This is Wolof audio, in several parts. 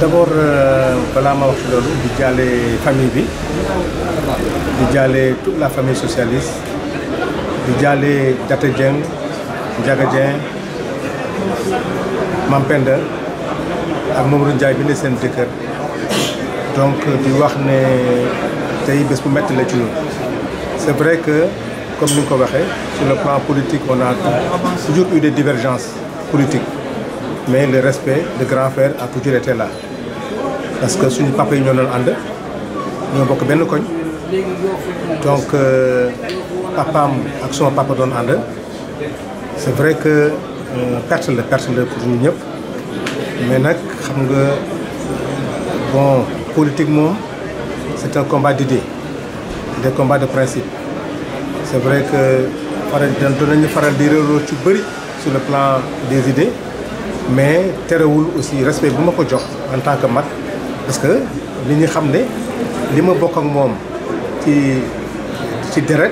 D'abord, je euh, suis ma à la famille famille bi di toute la famille socialiste di jaale Diaté Dieng Ndiaga Dieng Mampenda ak à Ndiaye bi ne seen donc euh, di wax je tey bés à métti la ci les c'est vrai que comme nous le ko sur le plan politique on a toujours eu des divergences politiques mais le respect de grand frère a toujours été là parce que suñu papa nous ñoo doon Nous ñoo bokk benn koñ donc euh, papa ak son papa donne. c'est vrai que euh, personne, la perte la pour nous. mais politiquement, xam nga bon politiquement, c'est un combat d'idées des combats de principe c'est vrai que nous dinañu faral di réeroo ci bëri sur le plan des idées mais téréwul aussi respect buma ko jox en tant que mag parce que li ñi xamné ne li ma bokk ak mom ci ci deret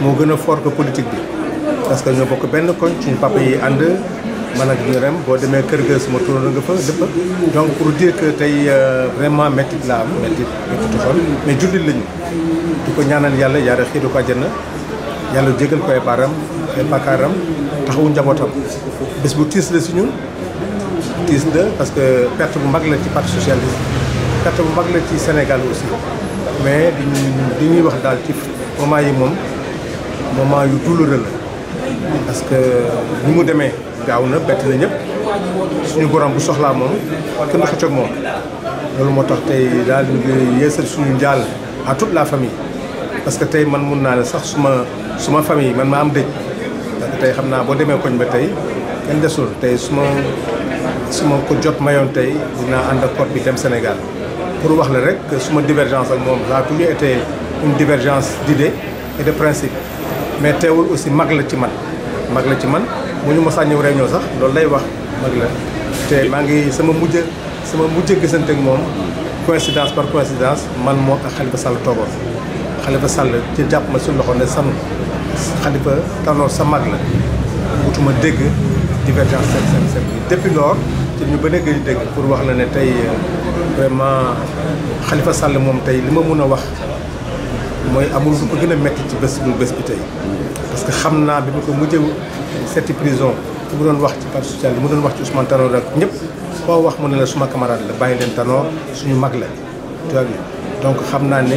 mo gëna a fort que politique bi parce que ñu bokk ben koñ suñu papa yi ànd man ak ñu rem bo demee kër ga suma turoon nga fa lépp donc pour dire que tay euh, vraiment métti la am métti métti mais jullit lañu di ko ñaanal yalla yaara xii du ko àjjana yàlla jégal ko ay baaram ay bakkaaram taxawu njabootam bés bu tiis la si ñun tiis la parce que perte bu mag la ci parti socialiste perte bu mag la ci Sénégal aussi mais di ñuy wax daal ci moment yi moom moment yu douloureux la parce que ni mu demee gaaw na bett na ñëpp suñu gorom bu soxlaa moom kenn du xëccoog moom loolu moo tax tey daal ñu ngi yeesal suñu njaal à toute la famille parce que tey man mun naa ne sax suma suma famille man maa am dëj parce que tey xam naa boo demee koñ ba tey kenn desul tey su ma su ma ko jot mayoon tey dinaa ànd ak corps bi dem Sénégal pour wax la rek suma divergence ak moom laa toujours été une divergence d'idées et de principe mais teewul aussi mag la ci man mag la ci man mu ñu mos a ñëw réunion sax loolu lay wax mag la te maa ngi sama mujj sama mujj gisante ak moom coïncidence par coïncidence man moo ak Khalifa Sall toogoon Khalifa Sall ci japp ma suñu loxo ne sam Khalifa Tanor sa mag la wutuma dégg divergence seen seen seen depuis lors ci ñu bëne nekk di dégg pour wax la ne tey vraiment Khalifa Sall moom tey li ma mun a wax mooy amul lu ko gën a metti ci bés bu bés bi tey parce que xam naa bi ma ko mujjee setti prison fi mu doon wax ci parti social mu doon wax ci Ousmane Tanor rek ñëpp koo wax mu ne la suma camarade la bàyyi leen Tanor suñu mag la tu vois donc xam naa ne